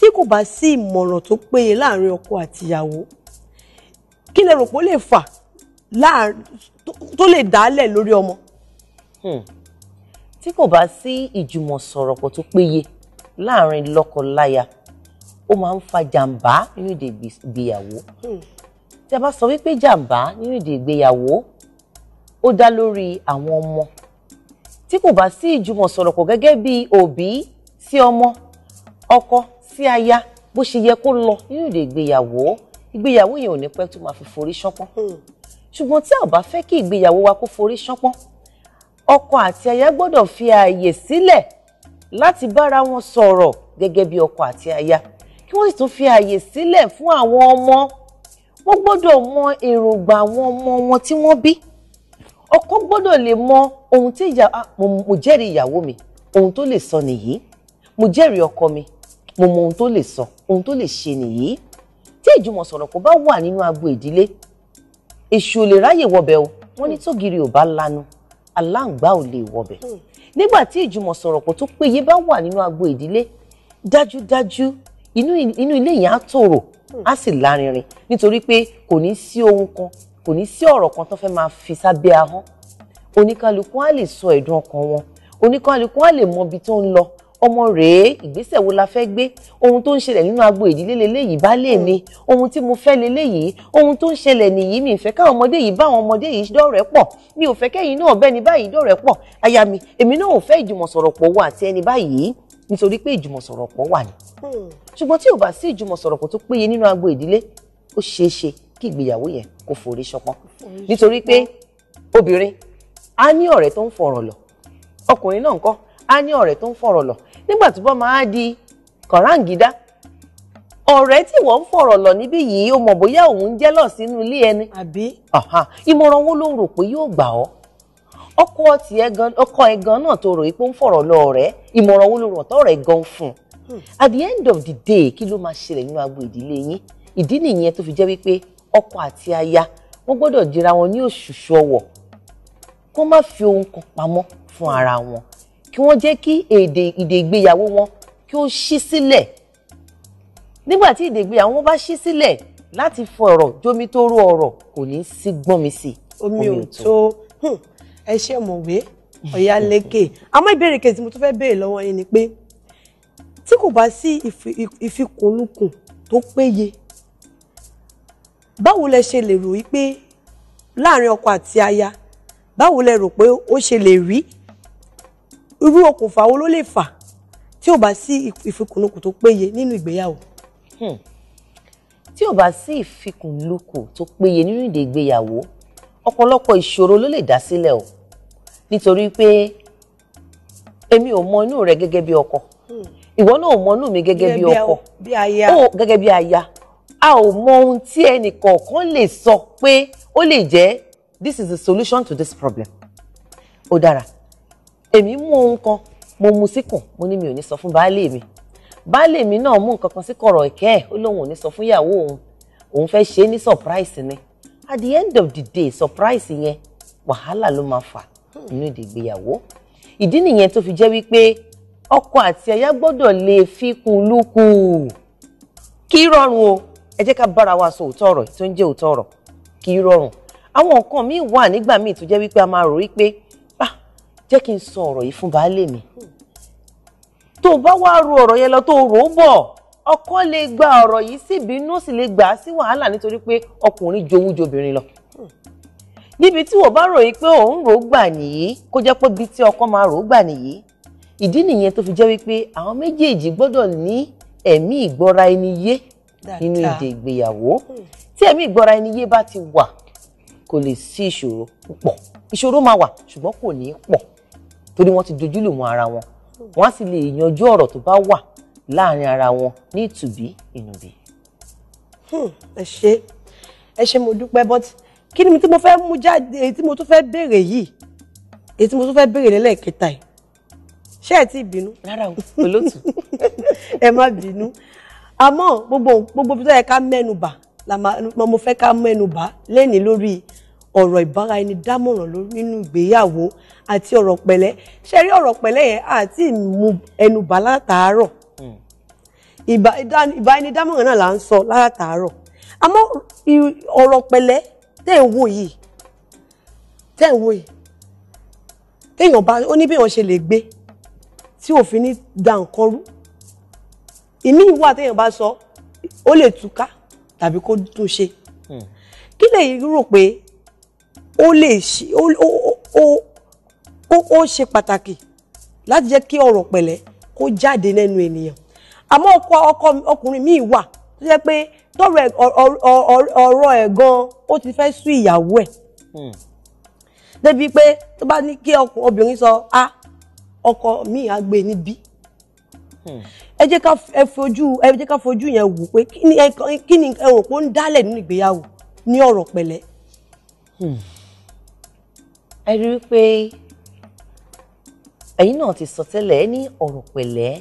tí kò bá sí ìmọ̀ràn tó péye láàrin ọkọ àti ìyàwó kí lè rò pé ó lè fà tó lè dálẹ̀ lórí ọmọ. Hmm. tí kò bá sí ìjùmọ̀sọ̀rọ̀pọ̀ tó péye láàrin lọ́kọ-láya ó máa ń fa jàǹbá nínú èdè ìgbéyàwó hmm. tí a bá sọ wípé jàǹbá nínú èdè ìgbéyàwó ó dá lórí àwọn ọmọ tí kò bá sí ìjùmọ̀sọ̀rọ̀pọ̀ gẹ́gẹ́ bí òbí sí ọmọ ọkọ sí aya bó ṣe yẹ kó lọ nínú ìdè ìgbéyàwó ìgbéyàwó yẹn ò ní pẹ́ tó máa fi forí ṣánpọ́n hmm. ṣùgbọ́n tí a ò bá fẹ́ kí ìgbéyàwó wa kó forí ṣánpọ́n ọkọ àti aya gbọ́dọ̀ fi ààyè sílẹ̀ láti bára wọn sọ̀rọ̀ gẹ́gẹ́ bí ọkọ àti aya kí wọ́n sì tún fi ààyè sílẹ̀ fún àwọn ọmọ wọ́n gbọ́dọ̀ mọ èròǹgbà àwọn ọmọ wọn tí wọ́n bí ọkọ gbọ́dọ̀ lè mọ ohun tí ah, ìyàwó mi ohun tó lè sọ nìyí mo jẹ́rìí ọkọ mi mo mọ ohun tó lè sọ ohun tó lè ṣe nìyí tí ìjùmọ̀sọ̀rọ̀ kò bá wà nínú agbo ìdílé èṣù ò lè ráyè wọbẹ̀ o wọ́n ní hmm. tógiri ò bá lanu aláǹgbá ò lè wọbẹ̀ hmm. nígbà tí ìjùmọ̀sọ̀rọ̀ kò tó péye bá wà nínú agbo ìdílé dájúdájú inú ilé yẹn á tòrò hmm. á sì lárinrin nítorí pé kò ní sí ohun kan kò ní sí ọ̀rọ̀ kan tó fẹ́ máa fi sábẹ́ ahọ́n oníkálukú á lè sọ ẹ̀dùn ọkàn wọn oníkálukú á lè mọ ibi tó ń lọ ọmọ rèé ìgbésẹ̀ wo la fẹ́ gbé ohun tó ń ṣẹlẹ̀ nínú agbo ìdílé leléyìí bá lè mi hmm. ohun tí mo fẹ́ leléyìí ohun tó ń ṣẹlẹ̀ nìyí mi ìfẹ́ káwọn ọmọdé yìí bá àwọn ọmọdé yìí dọ̀rẹ́ pọ̀ mi ò fẹ́ kẹ́yìn náà bẹ́ni báyìí dọ̀rẹ́ pọ̀ aya mi èmi náà ò fẹ́ ìjùmọ̀sọ̀rọ̀pọ̀ wà àti ẹni báyìí nítorí pé ìjùmọ̀sọ̀rọ̀pọ̀ wà ní. Hmm. ṣùgbọ́n tí ò bá sí ìjùmọ̀sọ̀rọ̀pọ̀ tó péye nínú agbo ìdílé ó ṣeé ṣe kí ìgbéyàwó yẹn kó forí ṣọpọ́n nítorí pé obìnrin á ní ọ̀rẹ́ tó ń fọ̀rọ̀ lọ ọkùnrin náà á ní ọ̀rẹ́ tó ń fọ̀rọ̀ lọ̀ nígbà tó bá máa di kọ̀ráǹgídá ọ̀rẹ́ tí wọ́n ń fọ̀rọ̀ lọ níbí yìí ó mọ̀ bóyá òun jẹ́ lọ sínú ilé ẹni. àbí. ìmọ̀ràn wo ló rò pé yóò gbà ọ́ ọkọ ẹ gan náà tó rò pé ń fọ̀rọ̀ lọ ọ̀rẹ́ ìmọ̀ràn wo ló rò tọ́ rẹ̀ gan fún un. Hmm. at the end of the day kí ló máa ṣẹlẹ̀ nínú agbo ìdílé yín ìdí nìyẹn tó fi jẹ́ wípé ọkọ àti aya wọ́n gbọ́dọ̀ jira wọn ní òṣùṣù ọwọ̀ kó má fi ohun kan pamọ́ fún ara wọn kí wọ́n jẹ́ kí èdè ìdè ìgbéyàwó wọn kí ó ṣí sílẹ̀ nígbà tí ìdè ìgbéyàwó wọn bá ṣí sílẹ̀ láti fọ ọ̀rọ̀ jómi tó rú ọ̀rọ̀ kò ní sí gbọ́n mi sí. omi ò tó hmm. ẹ ṣe mọ̀wé ọ̀yálékè àmọ́ ìbéèrè kejì mo tún fẹ́ béèrè lọ́wọ́ yín ni pé tí kò bá sí ìfikùnlukùn tó péye báwo lẹ ṣe lè rò wípé láàrin ọkọ àti aya báwo lẹ rò pé ó ṣe lè rí irú okùnfà wo ló lè fà tí ò bá sí ìfikùnlukùn tó péye nínú ìgbéyàwó. Hmm. tí ò bá sí ìfikùnlukùn tó péye nínú ìdè ìgbéyàwó ọ̀pọ̀lọpọ̀ ìṣòro ló lè dá sílẹ̀ o nítorí pé èmi ò mọ inú rẹ gẹ́gẹ́ bí ọkọ hmm. ìwọ náà ò mọ inú mi gẹ́gẹ́ bí ọkọ gẹ́gẹ́ bí aya a ò mọ ohun tí ẹnìkọ̀ọ̀kan lè sọ pé ó lè jẹ́ this is the solution to this problem ó dára èmi mú ohun kan mo mu síkùn mo ní mi ò ní sọ fún baálé mi baálé mi náà mú nǹkan kan sí kọ̀rọ̀ ìkẹ́ ẹ̀ ó lóun ò ní sọ fún ìyàwó òun òun fẹ́ ṣe é ní surprise ni at the end of the day surprise yẹn wàhálà ló máa fà nínú ìdìgbéyàwó ìdí nìyẹn tó fi jẹ́ wípé ọkọ àti aya gbọ́dọ̀ lè fikùn lukùn kí rọrùn o ẹ jẹ́ ká bára wa sọ òótọ́ ọ̀rọ̀ tó ń jẹ́ òótọ́ ọ̀rọ̀ kí rọrùn àwọn nǹkan míì wà nígbà míì tó jẹ́ wípé a máa rò wípé jẹ́ kí n sọ ọ̀rọ̀ yìí fún baálé mi tó bá wá ro ọ̀rọ̀ yẹn lọ tó rò ó bọ̀ ọkọ lè gba ọ̀rọ̀ yìí sí ìbínú sì lè gbà á sí wàhálà nítorí pé ọkùnrin jowú jobìnrin lọ níbi tí wọ́n bá ròyìn pé òun rò ó gbà nìyí kó jẹ́ pé bí tí ọkọ máa rò ó gbà nìyí ìdí nìyẹn tó fi jẹ́ wípé àwọn méjèèjì gbọ́dọ̀ ní ẹ̀mí ìgbọ́ra ẹni yé nínú ìdè ìgbéyàwó tí ẹ̀mí ìgbọ́ra ẹni yé bá ti wà kò lè sí ìṣòro púpọ̀ ìṣòro máa wà ṣùgbọ́n kò ní pọ̀ torí wọ́n ti dojúlùmọ̀ ara wọn wọ́n á sì lè yanjú ọ̀rọ̀ tó bá wà láàrin ara wọn ní ìtùbí ìnùbí. Hmm, ẹ ṣé ẹ ṣé mo dúpẹ́ but kí ni tí mo fẹ́ mú jáde èyí tí mo tún fẹ́ béèrè yìí èyí tí mo tún fẹ́ béèrè lẹ́lẹ́kẹta yìí ṣé ẹ ti bínú. rárá o olóòtú. ẹ má bínú àmọ́ gbogbo gbogbo bí tó yẹ ká mẹ́nu la mo fẹ́ ká mẹ́nu bà lẹ́ni lórí ọ̀rọ̀ ìbáraẹnidámọ̀ràn nínú ìgbéyàwó àti ọ̀rọ̀ pẹ̀lẹ́ ṣe rí ọ̀rọ̀ pẹ̀lẹ́ yẹn àti mú ẹnu bà látàárọ̀ hmm. ìbáraẹnidámọ̀ràn náà là ń sọ látàárọ̀ àmọ́ ọ̀rọ̀ pẹ̀lẹ́ tẹ̀ ń wò yìí tẹ̀ ń wò yìí téèyàn bá ó ní bí wọ́n ṣe lè gbé tí òfin ní da nǹkan rú ìmí ìwà téèyàn bá sọ ó lè túká tàbí kó tún ṣe hmm. kí lè rò pé ó lè ṣe ó ó ó ṣe pàtàkì láti jẹ́ kí ọ̀rọ̀ pẹ̀lẹ́ kó jáde lẹ́nu ènìyàn àmọ́ ọkọ ọkọ ọkùnrin míì wà tó jẹ́ pé tọrọ ọ̀rọ̀ ẹ̀ gan ó ti fẹ́ sú ìyàwó ẹ̀ hmm. débi pé tó bá ní kí obìnrin sọ a ọkọ míì á gbé e níbí hmm. ẹ jẹ́ ká ẹ fojú ẹ jẹ́ ká fojú yẹn wò pé kí ni ẹ rò pé ó ń dálẹ̀ nínú ìgbéyàwó ní ọ̀rọ̀ pẹ̀lẹ́. Hmm ẹ rí i pé ẹ̀yin náà ti sọ tẹ́lẹ̀ ẹ ní ọ̀rọ̀ pẹ̀lẹ́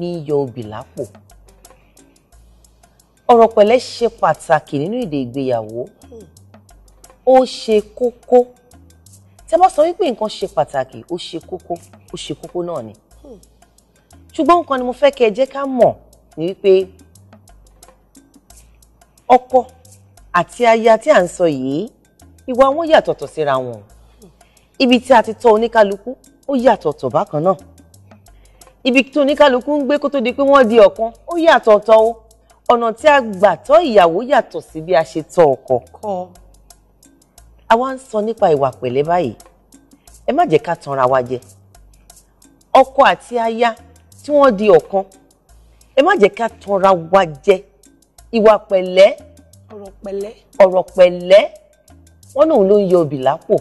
ní yọ obì lápò ọ̀rọ̀ pẹ̀lẹ́ ṣe pàtàkì nínú èdè ìgbéyàwó ó ṣe kókó tí a bá sọ wípé nǹkan ṣe pàtàkì ó ṣe kókó ó ṣe kókó náà ni ṣùgbọ́n nǹkan ni mo fẹ́ kẹ́ ẹ jẹ́ ká mọ̀ ni wípé ọkọ àti aya tí à ń sọ yìí ìwà wọn yàtọ̀tọ̀ síra wọn ibi tí a ti tọ́ oníkálukú ó yàtọ̀ tọ̀ bákan náà ibi tí oníkálukú ń gbé kó tó di pé wọ́n di ọ̀kan ó yàtọ̀ tọ̀ o ọ̀nà tí a gbà tọ́ ìyàwó yàtọ̀ sí bí a ṣe tọ́ ọkọ. àwa ń sọ nípa ìwà pẹ̀lẹ́ báyìí ẹ má jẹ́ ká tanra wa jẹ ọkọ àti aya tí wọ́n di ọ̀kan ẹ má jẹ́ ká tanra wa jẹ ìwà pẹ̀lẹ́ ọ̀rọ̀ pẹ̀lẹ́ ọ̀rọ̀ pẹ̀lẹ́ wọ́n lóun ló ń yọ obì lápò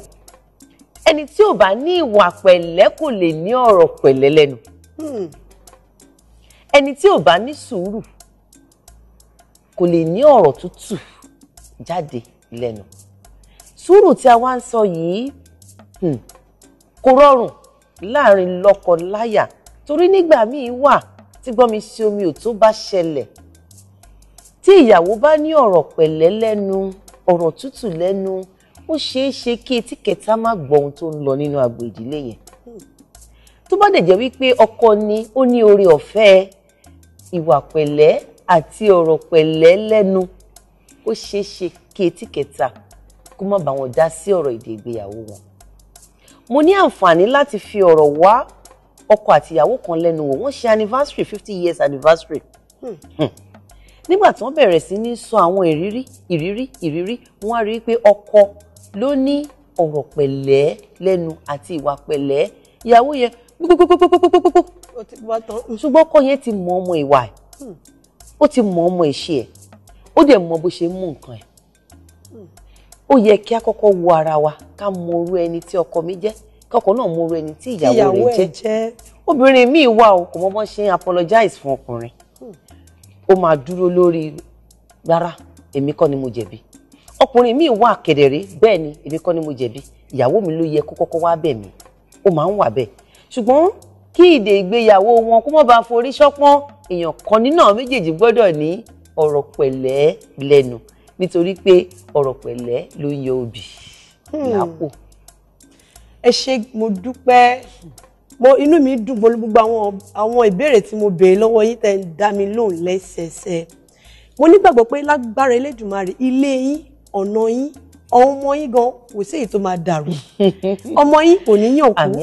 ẹni tí ò bá ní ìwà pẹ̀lẹ́ kò lè ní ọ̀rọ̀ pẹ̀lẹ́ lẹ́nu hmm. ẹni tí ò bá ní sùúrù kò lè ní ọ̀rọ̀ tútù jáde lẹ́nu sùúrù tí a wá ń sọ yìí hmm, kò rọrùn láàrin lọ́kọ láyà torí nígbà míì wà tí gbọ́n ṣe omi ò tó bá ṣẹlẹ̀ tí ìyàwó bá ní ọ̀rọ̀ pẹ̀lẹ́ lẹ́nu ọ̀rọ̀ tútù lẹ́nu ó ṣeé ṣe kí etí kẹta má gbọ́ ohun tó ń lọ nínú agbo ìdílé yẹn tó bá dẹ̀ jẹ́ wípé ọkọ ni ó ní oore ọ̀fẹ́ ìwà pẹ̀lẹ́ àti ọ̀rọ̀ pẹ̀lẹ́ lẹ́nu ó ṣeé ṣe kí etí kẹta kó má bá wọn dá sí ọ̀rọ̀ èdè ìgbéyàwó wọn mo ní àǹfààní láti fi ọ̀rọ̀ wá ọkọ àtìyàwó kan lẹ́nu wò wọ́n ṣe anniversary fifty years anniversary hmm. Hmm. nígbà tí wọ́n bẹ̀rẹ̀ sí ní sọ àwọn ìrírí ìrírí ìrírí wọ́n á rí i pé ọkọ ló ní ọ̀rọ̀ pẹ̀lẹ́ lẹ́nu àti ìwà pẹ̀lẹ́ ìyàwó yẹn pípípípípípípípípípípípí ṣùgbọ́n ọkọ yẹn ti mọ ọmọ ìwà ẹ̀ hmm. ó ti mọ ọmọ ìṣe ẹ̀ ó dẹ̀ mọ bó ṣe mú nǹkan ẹ̀ hmm. ó yẹ kí a kọ́kọ́ wo ara wa ká mọ orú ẹni o kò mọ bó ṣe ń apologize fún ọkùnrin hmm. ó máa dúró lórí rárá ni mo ọkùnrin mi wà kẹ̀dẹ̀rẹ́ bẹ́ẹ̀ ni èmi kọ́ ni mo jẹ̀bi ìyàwó mi ló yẹ kó kọ́kọ́ wá bẹ̀ mí ó máa ń wà bẹ́ẹ̀ ṣùgbọ́n kí ìdè ìgbéyàwó wọn kó má bàa forí ṣọpọ́n èèyàn kan nínú àwọn méjèèjì gbọ́dọ̀ ní ọ̀rọ̀ pẹ̀lẹ́ lẹ́nu nítorí pé ọ̀rọ̀ pẹ̀lẹ́ ló yọ obì hmm. lápò. ẹ ṣé mo dúpẹ́ mo inú mi dùn mo gbogbo àwọn àwọn ìbéèrè tí mo béèrè lọ́wọ́ yín tẹ́ ń dá mi lóhùn lẹ́sẹẹsẹ mo nígbàgbọ́ pé lágbára Elédùmarè ilé yín ọ̀nà yín ọmọ yín gan kò sí èyí tó máa dàrú ọmọ yín kò ní yàn kú